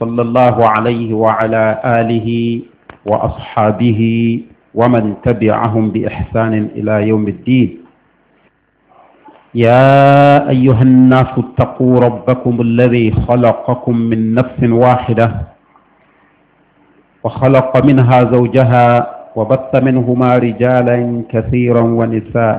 صلى الله عليه وعلى آله وأصحابه ومن تبعهم بإحسان إلى يوم الدين يا أيها الناس اتقوا ربكم الذي خلقكم من نفس واحدة وخلق منها زوجها وبث منهما رجالا كثيرا ونساء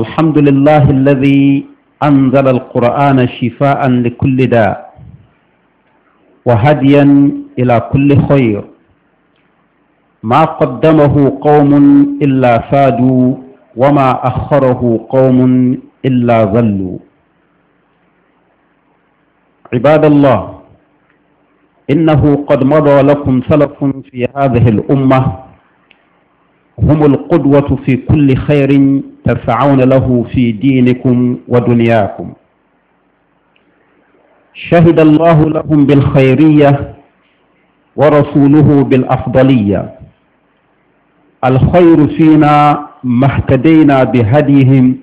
الحمد لله الذي أنزل القرآن شفاء لكل داء وهديا إلى كل خير ما قدمه قوم إلا فادوا وما أخره قوم إلا ظلوا عباد الله إنه قد مضى لكم سلف في هذه الأمة هم القدوة في كل خير تسعون له في دينكم ودنياكم شهد الله لهم بالخيرية ورسوله بالأفضلية الخير فينا ما اهتدينا بهديهم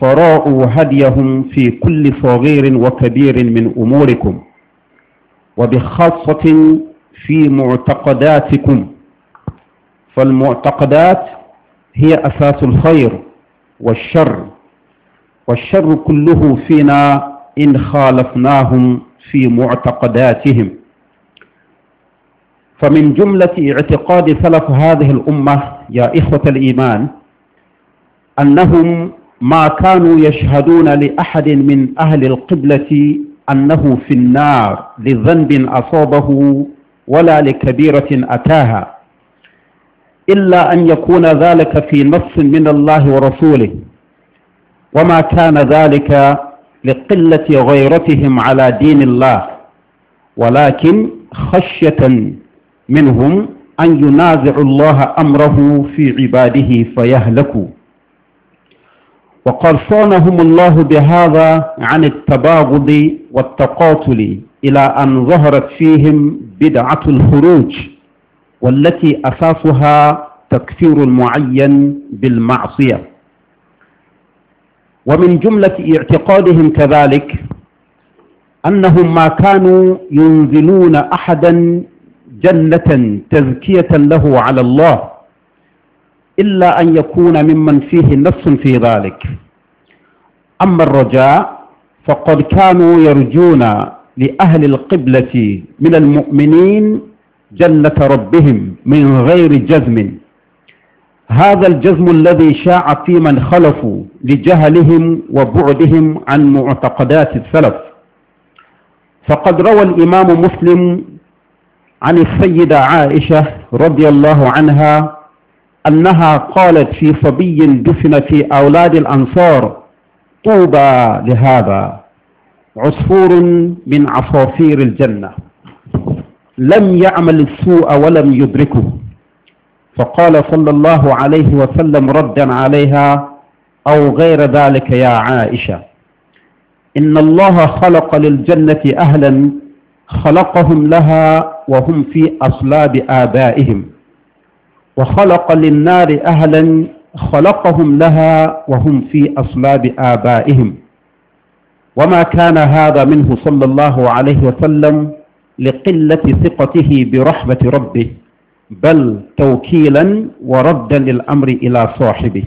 فراءوا هديهم في كل صغير وكبير من أموركم وبخاصة في معتقداتكم فالمعتقدات هي أساس الخير والشر والشر كله فينا إن خالفناهم في معتقداتهم فمن جملة اعتقاد سلف هذه الأمة يا إخوة الإيمان أنهم ما كانوا يشهدون لأحد من أهل القبلة أنه في النار لذنب أصابه ولا لكبيرة أتاها إلا أن يكون ذلك في نص من الله ورسوله وما كان ذلك لقلة غيرتهم على دين الله ولكن خشية منهم أن ينازعوا الله أمره في عباده فيهلكوا وقرصانهم صانهم الله بهذا عن التباغض والتقاتل إلى أن ظهرت فيهم بدعة الخروج والتي أساسها تكفير المعين بالمعصية ومن جملة اعتقادهم كذلك أنهم ما كانوا ينزلون أحدا جنة تزكية له على الله إلا أن يكون ممن فيه نفس في ذلك أما الرجاء فقد كانوا يرجون لأهل القبلة من المؤمنين جنة ربهم من غير جزم هذا الجزم الذي شاع في من خلفوا لجهلهم وبعدهم عن معتقدات السلف فقد روى الإمام مسلم عن السيدة عائشة رضي الله عنها أنها قالت في صبي دفن في أولاد الأنصار طوبى لهذا عصفور من عصافير الجنة لم يعمل السوء ولم يدركه فقال صلى الله عليه وسلم ردا عليها أو غير ذلك يا عائشة إن الله خلق للجنة أهلا خلقهم لها وهم في أصلاب آبائهم وخلق للنار أهلا خلقهم لها وهم في أصلاب آبائهم وما كان هذا منه صلى الله عليه وسلم لقلة ثقته برحمة ربه بل توكيلا وردا للأمر إلى صاحبه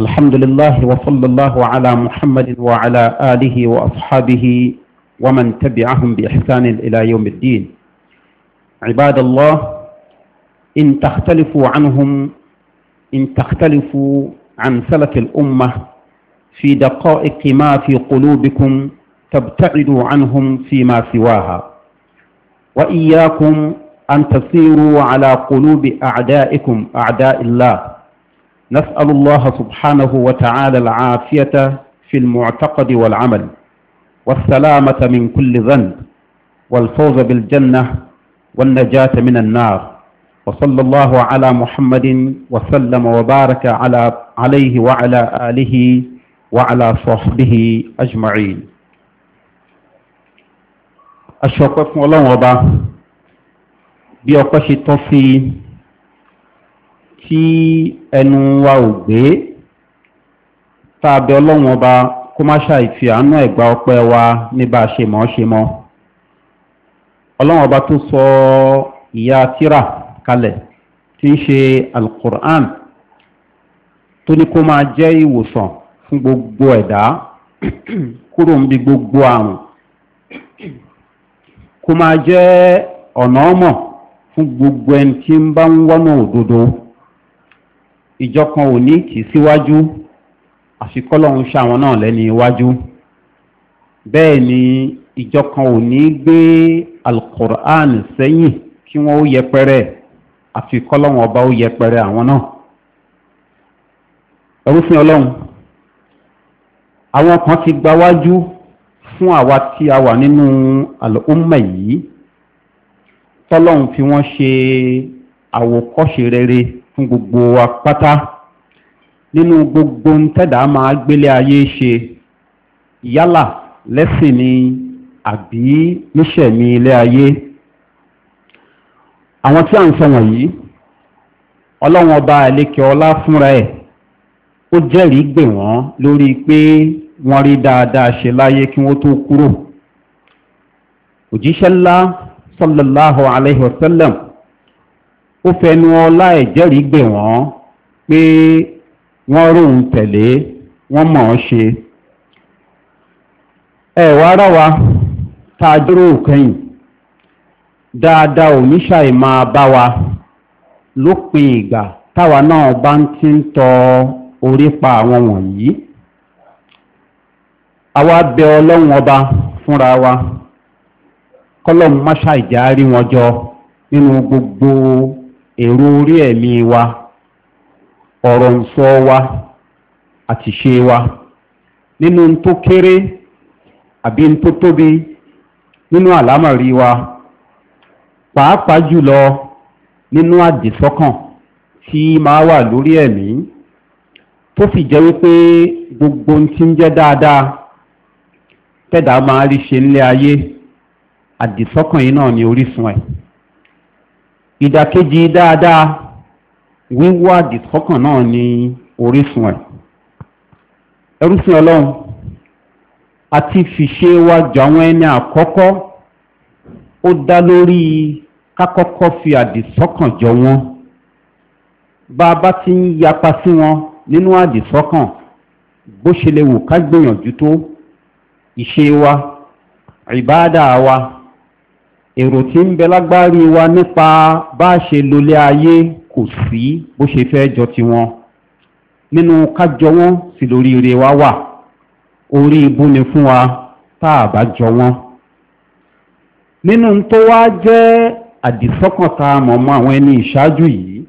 الحمد لله وصلى الله على محمد وعلى آله وأصحابه ومن تبعهم بإحسان إلى يوم الدين عباد الله إن تختلفوا عنهم إن تختلفوا عن سلف الأمة في دقائق ما في قلوبكم تبتعدوا عنهم فيما سواها وإياكم أن تسيروا على قلوب أعدائكم أعداء الله نسأل الله سبحانه وتعالى العافية في المعتقد والعمل والسلامة من كل ذنب والفوز بالجنة والنجاة من النار وصلى الله على محمد وسلم وبارك على عليه وعلى آله وعلى صحبه أجمعين أشكركم الله وبا بيوكشي توفي tí ẹnu wa ò gbé tàbí ọlọ́run ọba kó má ṣàìfi àánú ẹ̀gbà ọpẹ́ wa ní bá a ṣe mọ́ ṣe mọ́ ọlọ́run ọba tó sọ ìyá tíra kalẹ̀ tí ń ṣe alukur'an tó ní kó máa jẹ́ ìwòsàn fún gbogbo ẹ̀dá kúrò ń bi gbogbo àrùn kó máa jẹ́ ọ̀nà ọmọ fún gbogbo ẹni tí ń bá ń wọ́nà òdodo ìjọ kan ò ní kì í síwájú àfikọ́lọ́hún ṣàwọn náà lẹ́ni iwájú bẹ́ẹ̀ ni ìjọ kan ò ní gbé alukur'an sẹ́yìn kí wọ́n ó yẹpẹrẹ àfikọ́lọ́hún ọba ó yẹpẹrẹ àwọn náà ẹrúfin ọlọ́run àwọn kan ti gbáwájú fún àwa tí a wà nínú àlùkùnmọ̀ yìí tọ́lọ́hún fi wọ́n ṣe àwòkọ́ṣe rere fún gbogbo wa pátá nínú gbogbo ń tẹ́dà máa gbélé ayé ṣe yálà lẹ́sìn ni àbí níṣẹ̀mí ilé ayé àwọn tí a ń sọ wọ̀nyí ọlọ́wọ́n ọba àlékè ọlá fúnra ẹ̀ ó jẹ́rìí gbè wọ́n lórí pé wọ́n rí dáadáa ṣe láyé kí wọ́n tó kúrò òjíṣẹ́ ńlá sallallahu alaihi wasallam ó fẹnu ọlá ẹ̀jẹ́rìí gbè wọ́n pé wọ́n róhun tẹ̀lé wọ́n mọ̀ ọ́ ṣe ẹ̀wà ara wa tá a dúró kẹ́yìn dáadáa ò máa bá wa lópin ìgbà táwa náà bá ń ti ń tọ orí pa àwọn wọ̀nyí àwa bẹ ọlọ́run ọba fúnra wa kọ́lọ́mù má ṣàìjà rí wọn jọ nínú gbogbo èrò orí ẹ̀mí wa ọ̀rọ̀ ń wa àti ṣe wa nínú tó kéré àbí tó tóbi nínú àlámọ̀rí wa pàápàá jùlọ nínú àdìsọ́kàn tí máa wà lórí ẹ̀mí tó sì jẹ́ wípé gbogbo tí ń jẹ́ dáadáa tẹ́dàá máa rí ṣe nílé ayé àdìsọ́kàn yìí náà ni orísun ẹ̀ ìdàkejì dáadáa wíwá àdìsọ́kàn náà ni orísun ẹ̀ ẹrúsìn ọlọ́run àti fìṣe wa jọ àwọn ẹni àkọ́kọ́ ó dá lórí kákọ́kọ́ fi àdìsọ́kàn jọ wọn bá a bá ti ń yapa sí wọn nínú àdìsọ́kàn bó ṣe lè wù ká gbìyànjú tó ìṣe wa ìbáàdà wa èrò tí ń bẹ lágbárí wa nípa bá ṣe lólé ayé kò sí bó ṣe fẹ́ jọ ti wọn nínú kájọ wọn sì lórí ire wa wà orí ibú ni fún wa tá a bá jọ wọn nínú tó wá jẹ́ àdìsọ́kàn tá àwọn ẹni ìṣáájú yìí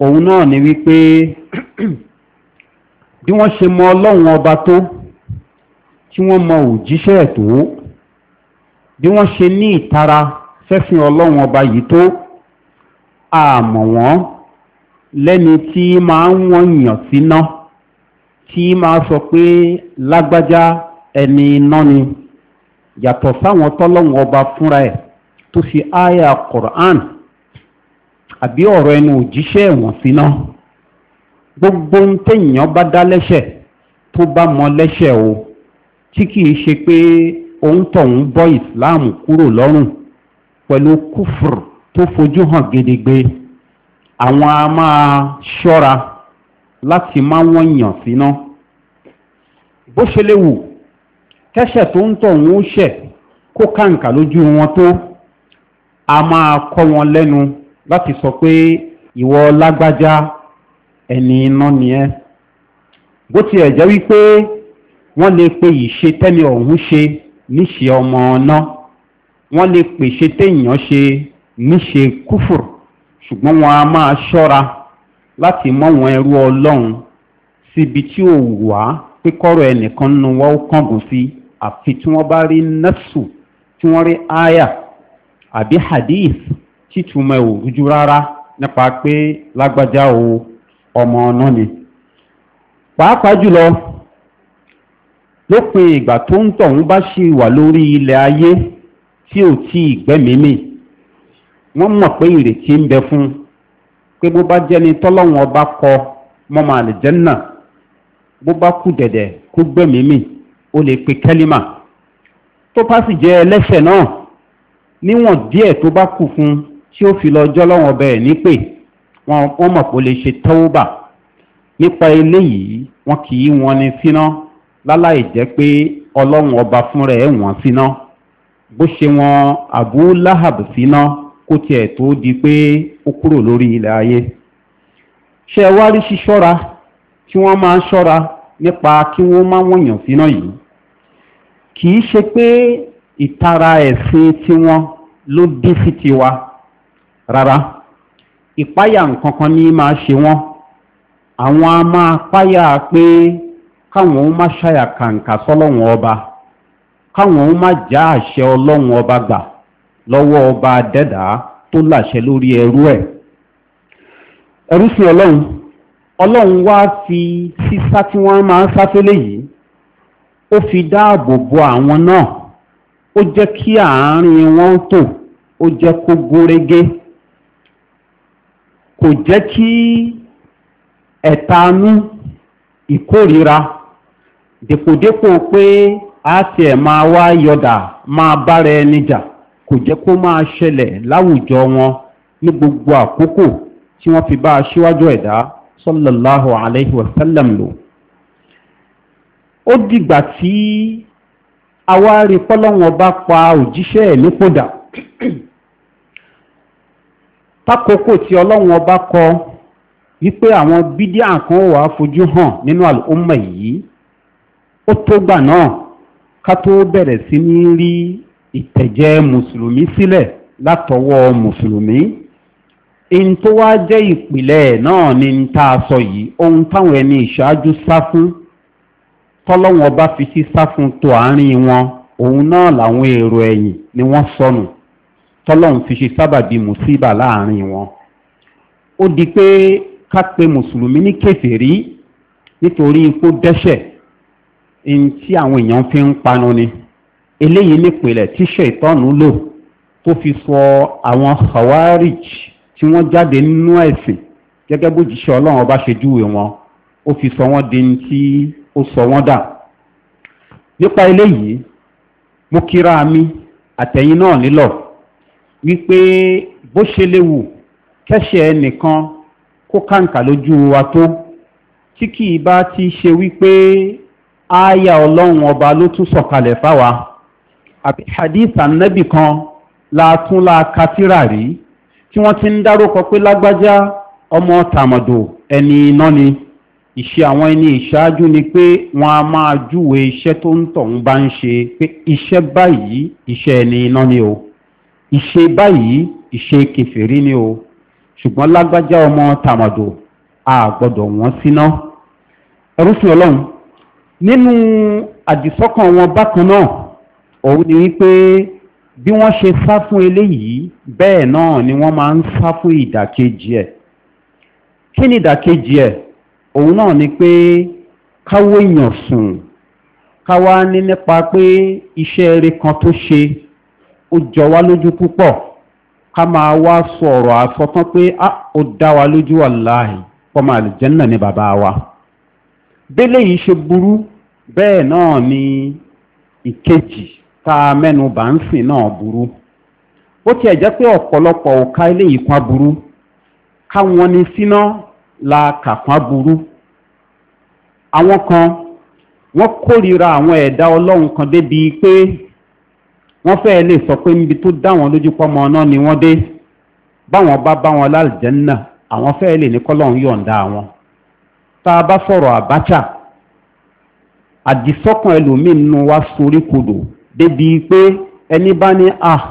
òun náà ni wípé bí wọ́n ṣe mọ ọlọ́run ọba tó tí wọ́n mọ òjíṣẹ́ tó bí wọ́n ṣe ní ìtara fẹ́sìn ọlọ́run ọba yìí tó àmọ̀ wọ́n lẹ́ni tí máa ń wọ́n yàn síná tí máa sọ pé lágbájá ẹni iná ni yàtọ̀ sáwọn tọ́lọ́run ọba fúnra ẹ̀ tó fi áyà quran àbí ọ̀rọ̀ ẹnu òjíṣẹ́ ẹ̀wọ̀n síná gbogbo ń téèyàn bá dá lẹ́ṣẹ̀ tó bá mọ lẹ́ṣẹ̀ o tí kìí ṣe pé òun tọ̀hún bọ́ ìsìláàmù kúrò lọ́rùn pẹ̀lú kúfùr tó fojú hàn gedegbe àwọn a máa ṣọ́ra láti má wọ́n yàn síná bó ṣe léwu kẹ́ṣẹ̀ tó ń tọ̀hún ṣẹ̀ kó kàǹkà lójú wọn tó a máa kọ́ wọn lẹ́nu láti sọ pé ìwọ lágbájá ẹni iná ni bó tiẹ̀ jẹ́ wípé wọ́n lè pe ìṣe tẹ́ni ọ̀hún níṣe ọmọ ọ̀nà wọ́n lè pèsè téèyàn ṣe níṣe kúfùr ṣùgbọ́n wọn a máa ṣọ́ra láti mọ́ wọn ẹrú ọlọ́run síbi tí ò wá pé ẹnìkan nu wọ́n ó kángun sí àfi tí wọ́n bá rí nẹ́sù tí wọ́n rí aya àbí hadith títúmọ̀ ò rújú rárá nípa pé lágbájá o ọmọ ọ̀nà ni pàápàá jùlọ lópin ìgbà tó ń tọ̀hún bá ṣì wà lórí ilẹ̀ ayé tí ò tí ìgbẹ́mímì wọ́n mọ̀ pé ìrètí ń bẹ fún pé bó bá jẹ́ni tọ́lọ́wọ́n ọba kọ mọ́mọ́ àlìjẹ́nà bó bá kú dẹ̀dẹ̀ kó gbẹ́mímì ó lè pe kẹ́límà tó bá sì jẹ́ ẹlẹ́ṣẹ̀ náà níwọ̀n díẹ̀ tó bá kù fún tí ó fi lọ jọ́lọ́wọ́n ọba ẹ̀ nípè wọ́n mọ̀ pé ó lè ṣe tọ́wọ́bà nípa eléyìí wọ́n kì í wọn ni síná. láláì jẹ́ pé ọlọ́run ọba fúnra ẹ̀ wọ́n síná bó ṣe wọn àbú láhàb síná kó tiẹ̀ tó di pé ó kúrò lórí ilẹ̀ ayé ṣe wá rí ṣíṣọ́ra tí wọ́n máa ń ṣọ́ra nípa kí wọ́n má wọ̀nyàn síná yìí kì í ṣe pé ìtara ẹ̀sìn tiwọn ló dín sí tiwa rárá ìpáyà nǹkan kan ní máa ṣe wọn. àwọn a máa páyà pé káwọn má ṣàyàkàǹkà sọ́lọ́wọ́n ọba káwọn má já àṣẹ ọlọ́wọ́n ọba gbà lọ́wọ́ ọba dẹ́dà tó láṣẹ lórí ẹrú ẹ̀ ẹrú sí ọlọ́run ọlọ́run wá fi sísá tí wọ́n máa ń sáfẹ́lẹ̀ fi dáàbò bo àwọn náà ó jẹ́ kí àárín wọn tò ó jẹ́ kó gúnrégé kò jẹ́ kí dèpòdépò pé a ti ẹ̀ máa wá yọ̀dà máa bára ẹni jà kò jẹ́ kó máa ṣẹlẹ̀ láwùjọ wọn ní gbogbo àkókò tí wọ́n fi bá aṣíwájú ẹ̀dá sallallahu alayhi wa sallam lò ó dìgbà tí awárí pọ́lọ́wọ́n bá pa òjíṣẹ́ ẹ̀ nípòdà tákòókò tí ọlọ́wọ́n bá kọ wípé àwọn bídíà kan wà fojú hàn nínú àlùmọ̀ yìí ó tó gbà náà ká tó bẹ̀rẹ̀ sí ní rí ìtẹ̀jẹ́ mùsùlùmí sílẹ̀ látọwọ́ mùsùlùmí in tó wá jẹ́ ìpìlẹ̀ náà ni n tá a sọ yìí ohun táwọn ẹni ìṣáájú sá fún tọ́lọ́wọ́n bá fi sí sá fún tó àárín wọn òun náà làwọn èrò ẹ̀yìn ni wọ́n sọnù tọ́lọ́run fi ṣe sábàbí mùsíbà láàrin wọn ó di pé ká pe mùsùlùmí ní kèfèrí nítorí ikú dẹ́ṣẹ̀ in tí àwọn èèyàn fi ń panu ni eléyìí nípìnlẹ̀ tí ṣètọ́nù lò tó fi sọ àwọn hawarij tí wọ́n jáde nínú ẹ̀sìn gẹ́gẹ́ bó jíṣẹ́ ọlọ́run ọba ṣe júwe wọn ó fi sọ wọ́n di tí ó sọ wọ́n dà nípa eléyìí mo kíra mi àtẹ̀yìn náà nílọ̀ wípé bó ṣe léwu kẹ́ṣẹ̀ ẹnìkan kó kàǹkà lójú wa tó tí kì í bá ti ṣe wípé ááyà ọlọ́run ọba ló tún sọ̀kalẹ̀ fáwa àbí hadith annabi kan látún láka síra rí tí wọ́n ti ń dárúkọ pé lágbájá ọmọ tàmọ̀dò ẹni iná ni ìṣe àwọn ẹni ìṣáájú ni pé wọ́n a máa júwe iṣẹ́ tó ń tọ̀hún bá ń ṣe pé iṣẹ́ báyìí iṣẹ́ ẹni iná ni o ìṣe báyìí ìṣe kẹfẹ́rí ni o ṣùgbọ́n lágbájá ọmọ tàmọ̀dò a wọ́n síná ẹrú sí ọlọ́run nínú àdìsọ́kàn wọn bákan náà òun ni wípé bí wọ́n ṣe sá fún eléyìí bẹ́ẹ̀ náà ni wọ́n máa ń sá fún ìdàkejì ẹ̀ kí ni ìdàkejì ẹ̀ òun náà ni pé káwó èèyàn sùn káwá ní nípa pé iṣẹ́ eré kan tó ṣe ó jọ wá lójú púpọ̀ ká máa wá sọ̀rọ̀ àsọtán pé ah, ó dá wa lójú wà láàyè kọ́ náà ní bàbá wa bẹ́lẹ̀ yìí ṣe burú bẹ́ẹ̀ náà ni ìkejì tá a mẹ́nu bá ń sìn náà burú ó tiẹ̀ jẹ́ pé ọ̀pọ̀lọpọ̀ òka eléyìí kan burú káwọn ni síná la kà kan burú àwọn kan wọ́n kórìíra àwọn ẹ̀dá ọlọ́run kan débi pé wọ́n fẹ́ẹ́ lè sọ pé níbi tó dá wọn lójú pọ́mọ náà ni wọ́n dé báwọn bá bá wọn lálùjẹ́ náà àwọn fẹ́ẹ́ lè ní kọ́lọ́run yọ̀ǹda wọn tá a bá sọ̀rọ̀ Abacha àdìsọ́kàn ẹlòmíì nínú wa sorí kodò débi pé ẹni bá ní à ah,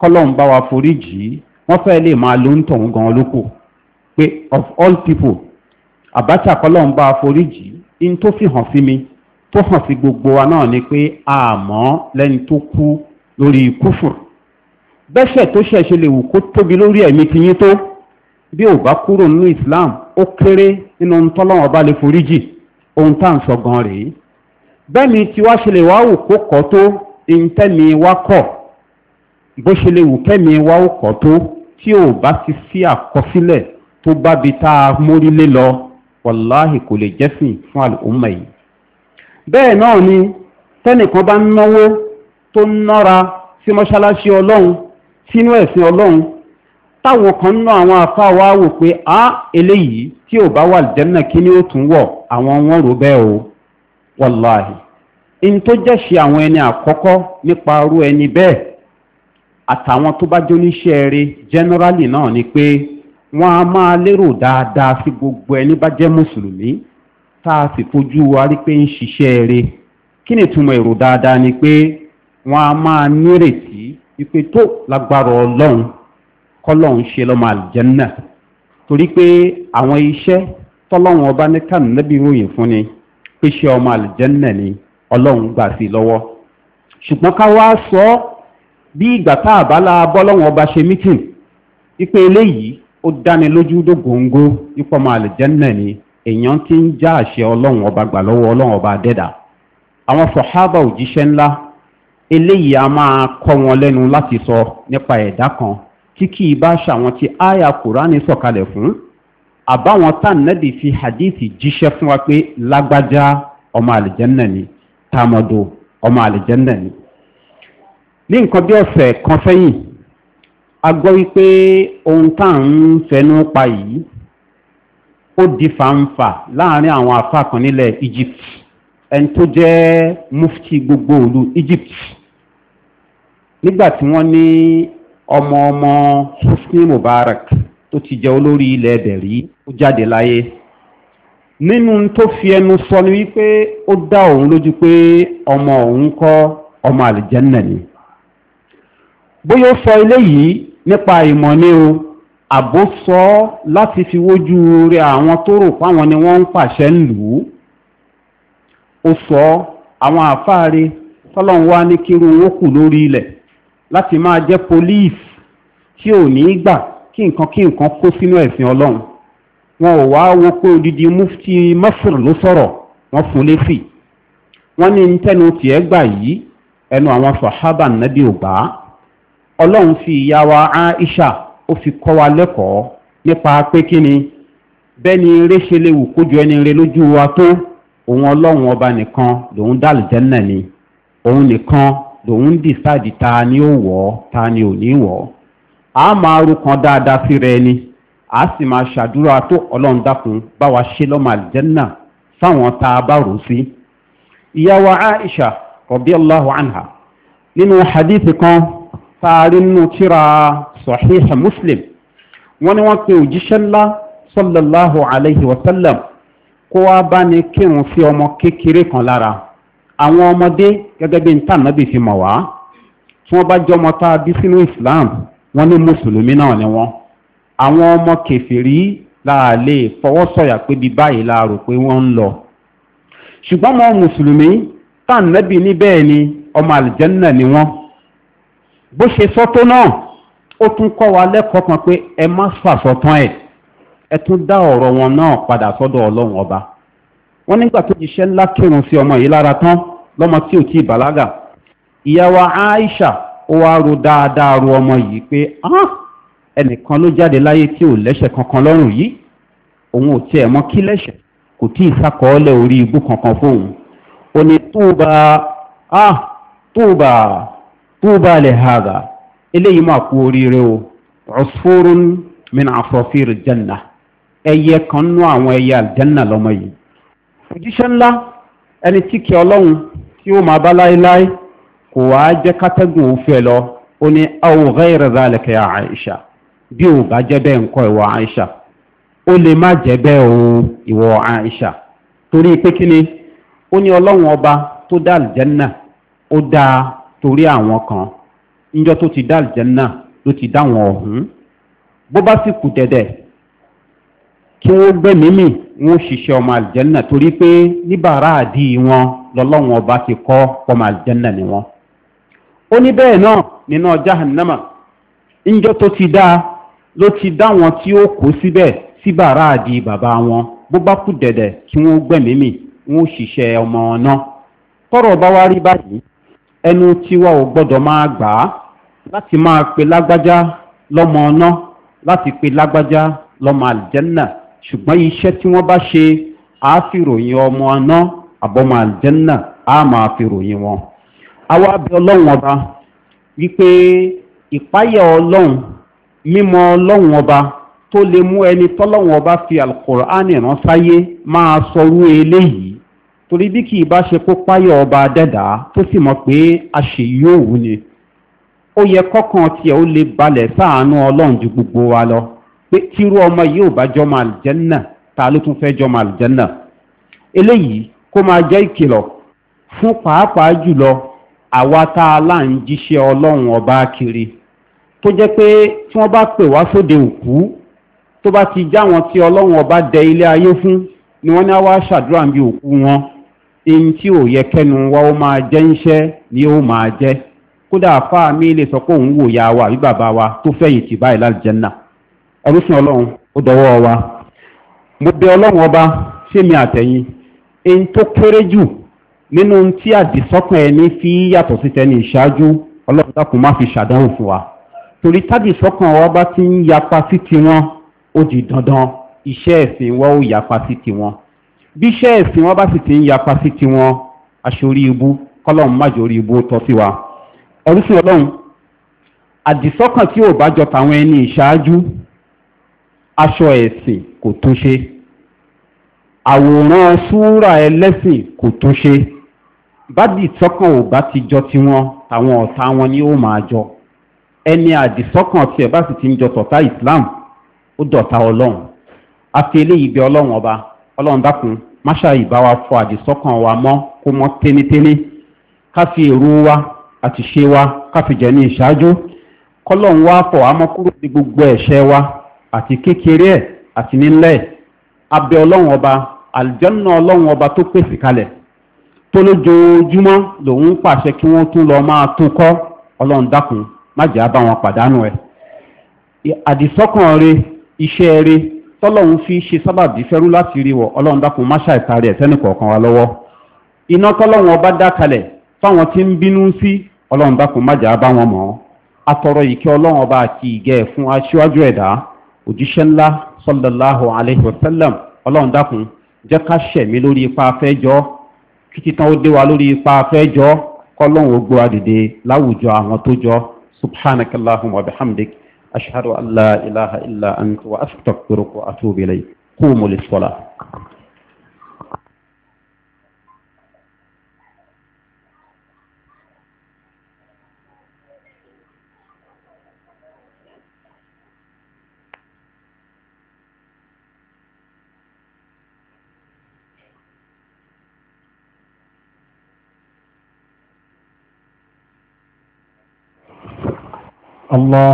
kọ́lọ́n bá wa forí jì í wọ́n fẹ́ lè máa ló ń tọ̀hún gan lóko pé of all people Abacha kọ́lọ́n bá wa forí jì í in tó fi hàn sí mi tó hàn sí gbogbo wa náà ni pé àmọ́ lẹ́ni tó kú lórí kúfùr bẹ́sẹ̀ tó ṣẹ̀ṣẹ̀ lè wù kó tóbi lórí ẹ̀mí tiyín tó bí ò bá kúrò nínú Islam ó kéré nínú tọ́lọ́wọ̀n bá lè forí jì ohun tá à ń sọ gan rèé bẹ́ẹ̀ni tí wá ṣe lè wá wù kó kọ́ tó ìǹtẹ́mi wá kọ̀ bó ṣe lè wù kẹ́mi wá ó kọ́ tó tí ò bá ti sí àkọsílẹ̀ tó bá bi tá a mórí lé lọ wàláhì kò lè jẹ́sìn fún àlùmọ̀ yìí bẹ́ẹ̀ náà ni tẹ́nìkan bá ń náwó tó ń nára sí mọ́ṣáláṣí ọlọ́run sínú ẹ̀sìn ọlọ́run táwọn kan ná àwọn afá wa wò pé á eléyìí tí ò bá wà jẹ́nà kí ni ó tún wọ̀ àwọn wọn rò bẹ́ẹ̀ o wàláhì in tó jẹ́ ṣe àwọn ẹni àkọ́kọ́ nípa arú ẹni bẹ́ẹ̀ àtàwọn tó bá jóníṣẹ́ rẹ generally náà ni pé wọ́n á máa lérò dáadáa sí gbogbo ẹni bá jẹ́ mùsùlùmí tá a sì fojú wa rí pé ń ṣiṣẹ́ rẹ kí ni ìtumọ̀ èrò dáadáa ni pé wọ́n á máa nírètí wípé tó lágbára ọlọ́run kọ́lọ́hún ṣe lọ́mọ àlìjẹ́nà torí pé àwọn iṣẹ́ tọ́lọ́hún ọba ní kànínẹ́bí ròyìn fún ni pé ṣe ọmọ àlìjẹ́nà ni ọlọ́hún gbà sí lọ́wọ́ ṣùgbọ́n ká wá sọ bí ìgbà tá àbálá bọ́lọ́hún ọba ṣe mítìn wípé eléyìí ó dáni lójú dó góńgó wípé ọmọ àlìjẹ́nà ni èèyàn ti ń já àṣẹ ọlọ́hún ọba gbà lọ́wọ́ ọlọ́hún ọba dẹ́dà àwọn sọ̀hábà òjíṣẹ́ ńlá eléyìí a máa kọ́ wọn lẹ́nu láti sọ nípa ẹ̀dá kan tí kì í bá ṣàwọn tí àyà kùránì sọ̀kalẹ̀ fún àbáwọn tànàdì fi hadithi jíṣẹ́ fún wa pé lágbájá ọmọ àlìjẹ́nà ni tàmọ̀dò ọmọ àlìjẹ́nà ni ní nǹkan bí ọ̀sẹ̀ kan sẹ́yìn a gbọ́ wípé ohun tá à ń fẹnu pa yìí ó di fàǹfà láàrin àwọn afá kan nílẹ̀ egypt ẹni tó jẹ́ mufti gbogbo òlu egypt nígbà tí wọ́n ní ọmọ ọmọ husni mubarak tó ti jẹ́ olórí ilẹ̀ ẹ̀bẹ̀ rí ó jáde láyé nínú tó fi ẹnu sọ ni wípé ó dá òun lójú pé ọmọ òun kọ́ ọmọ àlìjẹ́nà ni bóyá ó sọ eléyìí nípa ìmọ̀ ni o àbó sọ láti fi wójú rẹ àwọn tó rò páwọn ni wọ́n ń pàṣẹ ń lù ú ó sọ àwọn àfáàrí tọ́lọ́run ní kírun ó kù lórí ilẹ̀ láti máa jẹ́ police tí ò ní gbà kí nǹkan kí nǹkan kó sínú ẹ̀sìn ọlọ́run wọn ò wá wo pé odidi mufti masr ló sọ̀rọ̀ wọ́n fún lésì wọ́n ní tẹnu tiẹ̀ gbà yìí ẹnu àwọn sọ̀hábà nàbí ò ọlọ́run fi ìyá wa aisha ó fi kọ́ wa lẹ́kọ̀ọ́ nípa pé kí ni bẹ́ni eré ṣe léwu kójú ẹni eré lójú wa tó òun ọlọ́run ọba nìkan lòun dàlùjẹ́ náà ni òun nìkan lòun dìsáàdì ta ni ó wọ̀ ọ́ ta ni ò ní wọ̀ ọ́ a máa rúkan dáadáa síra ẹni a sì máa ṣàdúrà tó ọlọ́run dákun bá wa ṣe lọ́mọ àlìjẹ́nà sáwọn tá a bá rò sí. ìyàwó aisha rọ̀bí allahu anha nínú hadithi kan taari nínú tíra sọ̀híhà muslim wọ́n ní wọ́n pe òjíṣẹ́ ńlá sallallahu alayhi wa kó wá bá ní kírun sí ọmọ kékeré kan lára àwọn ọmọdé gẹ́gẹ́ bí n tà nábì fi mọ̀ wá tí wọ́n bá jẹ́ ọmọ tá a bí sínú islam wọ́n ní mùsùlùmí náà ni wọ́n àwọn ọmọ kẹfìrí láà lè fọwọ́ sọ̀yà pé bí báyìí la rò pé wọ́n ń lọ ṣùgbọ́n ọmọ mùsùlùmí tà nábì ní bẹ́ẹ̀ ni ọmọ àlìjẹ́nà ni wọ́n bó ṣe sọ náà ó tún kọ́ wa lẹ́kọ̀ọ́ kan pé ẹ má fàṣọtán ẹ̀ ẹ tún dá ọ̀rọ̀ wọn náà padà sọ́dọ̀ ọlọ́run ọba wọ́n nígbà tó jíṣẹ́ ńlá kírun sí ọmọ yìí lára tán lọ́mọ tí ò tí ìbàlágà ìyàwó aisha ó wá ro dáadáa ro ọmọ yìí pé ẹnìkan ló jáde láyé tí ò lẹ́ṣẹ̀ kankan lọ́rùn yìí òun ò tiẹ̀ mọ́ kí lẹ́ṣẹ̀ kò tí ì sàkọọ́lẹ̀ orí ibú kankan fóun ò ní tóba tóba tóba lè hàgà eléyìí máa kú oríire o ọ̀sùfórún min àfọ̀fíìrì jẹ́nà ẹyẹ kan nú àwọn ẹyẹ àjẹ́nà lọ́mọ yìí òjíṣẹ́ ńlá ẹni tí kí ọlọ́run tí ó máa bá láíláí kò wá jẹ́ kátẹ́gùn òfẹ́ lọ ó ní àwòrán ìrẹ̀dá lẹ́kẹ̀ àìṣà bí ò bá jẹ́ bẹ́ẹ̀ nǹkan ìwọ àìṣà ó lè má jẹ́ bẹ́ẹ̀ o ìwọ àìṣà torí pé kí ni ó ní ọlọ́run ọba tó dá àlìjẹ́nà ó dá torí àwọn kan níjọ́ tó ti dá àlìjẹ́nà ló ti dá wọn ọ̀hún bó bá sì kù dẹ̀dẹ̀ kí wọ́n gbẹ̀mí mì wọ́n ṣiṣẹ́ ọmọ àlìjẹ́nà torí pé níbàárà àdí wọn lọ́lọ́wọ́n ọba ti kọ́ ọmọ àlìjẹ́nà ni wọ́n. ó ní bẹ́ẹ̀ náà nínú ọjà hànámà ńjọ́ tó ti dáa ló ti dá wọn tí ó kó síbẹ̀ síbàárà àdí bàbá wọn bó bá kú dẹ̀dẹ̀ tí wọ́n gbẹ̀mí mì wọ́n ṣiṣẹ́ ọmọ náà. tọrọ bá wá rí báyìí ẹnu tiwa ò gbọ́dọ̀ máa gbà á láti máa pe lágbájá lọ́mọ náà láti pe lágbájá lọ́mọ àlìjẹ́nà ṣùgbọ́n iṣẹ́ tí wọ́n bá ṣe á fi ròyìn ọmọ aná àbọ̀mọ àlùjẹ́nà á máa fi ròyìn wọn. àwa bí ọlọ́run ọba wípé ìpáyà ọlọ́run mímọ ọlọ́run ọba tó lè mú ẹni tọ́lọ́run ọba fi alukur'ani rán sáyé máa sọrú eléyìí torí bí kì í bá ṣe kó páyà ọba dẹ́dàá tó sì mọ̀ pé àṣeyí òun ni ó yẹ kọ́kàn tiẹ̀ ó lè balẹ̀ sáàánú ọlọ́run ju gbogbo wa lọ pé kírú ọmọ yìí ò bá jọmọ àlùjẹ́nà ta ló tún fẹ́ jọmọ àlùjẹ́nà eléyìí kó máa jẹ́ ìkìlọ̀ fún pàápàá jùlọ àwa tá a ń jíṣẹ́ ọlọ́run ọba kiri tó jẹ́ pé tí wọ́n bá pè wá sóde òkú tó bá ti já wọn tí ọlọ́run ọba dẹ ilé ayé fún ni wọ́n ní á wá ṣàdúrà bí òkú wọn eyín tí ò yẹ kẹnu wa ó máa jẹ́ iṣẹ́ ni ó máa jẹ́ kódà fáàmì lè sọ pé òun wòyà wa àbí bàbá wa tó fẹ̀yìntì báyìí lálùjẹ́ náà ẹrúsìn ọlọ́run ó dọwọ́ wa mo bẹ ọlọ́run ọba ṣé mi àtẹ̀yìn èyí tó kéré jù nínú tí àdìsọ́kàn ẹni fi yàtọ̀ sí tẹni ìṣáájú ọlọ́run dákun má fi ṣàdánwò fún wa torí tádìsọ́kàn wa ti ń yapa sí tiwọn ó di dandan iṣẹ́ ẹ̀sìn wọn ó yapa sí tiwọn bí iṣẹ́ ẹ̀sìn wọn bá sì ti ń yapa sí tiwọn aṣorí ibú kọ́lọ́run májòrí ibú ó tọ́ sí wa ẹrúsìn ọlọ́run àdìsọ́kàn tí ò bá jọ tàwọn ẹni ìṣáájú aṣọ ẹ̀sìn kò tún ṣe àwòrán súrà ẹlẹ́sìn kò tún ṣe bádì tọ́kàn ò bá ti jọ tiwọn àwọn ọ̀tá wọn ni ó máa jọ ẹni àdìsọ́kàn tiẹ̀ bá sì ti ń jọ tọ̀tá islam ó dọ̀tá ọlọ́run àti eléyìí bí ọlọ́run ọba ọlọ́run dákun máṣá ìbá wa fọ àdìsọ́kàn wa mọ́ kó mọ́ ténéténé ká fi èrò wa àti ṣe wa ká fi jẹ́ ní ìṣáájú kọ́lọ́run wá fọ̀ wá kúrò ní gbogbo ẹ̀ṣẹ̀ wa àti kékeré ẹ̀ àti nílẹ̀ ẹ̀ abẹ ọlọrun ọba àlìjọ́nà ọlọrun ọba tó pèsè kalẹ tó lójoojúmọ́ lòun pàṣẹ kí wọ́n tún lọ máa tún kọ́ ọlọ́run dákun má jẹ́ á bá wọn pàdánù ẹ̀ àdìsọ́kàn rẹ iṣẹ́ rẹ tọ́lọ́run fi ṣe sábàbí fẹ́rú láti rí wọ ọlọ́run dákun má ṣàìparí ẹ̀ sẹ́nì kọ̀ọ̀kan wa lọ́wọ́ iná tọ́lọ́run ọba dá kalẹ̀ fáwọn tí ń bínú sí ọlọ́run dákun má jẹ́ á bá wọn mọ̀ ọ́ atọrọ ìkẹ́ ọlọ́run ọba àti ìgẹ́ fún aṣíwájú ẹ̀dá òjíṣẹ́ ńlá sọ́lọ́láhù aláìhí wọ́sálàm ọlọ́run dákun jẹ́ ká ṣẹ̀mí lórí ipa afẹ́jọ́ kí títàn ó dé wa lórí ipa afẹ́jọ́ kọ́lọ́run ó gbó adìde láwùjọ àwọn tó jọ subhanakallahumma wa bihamdik ashhadu an la ilaha illa anta wa astaghfiruka wa atubu ilayk qumu lis-salah Allah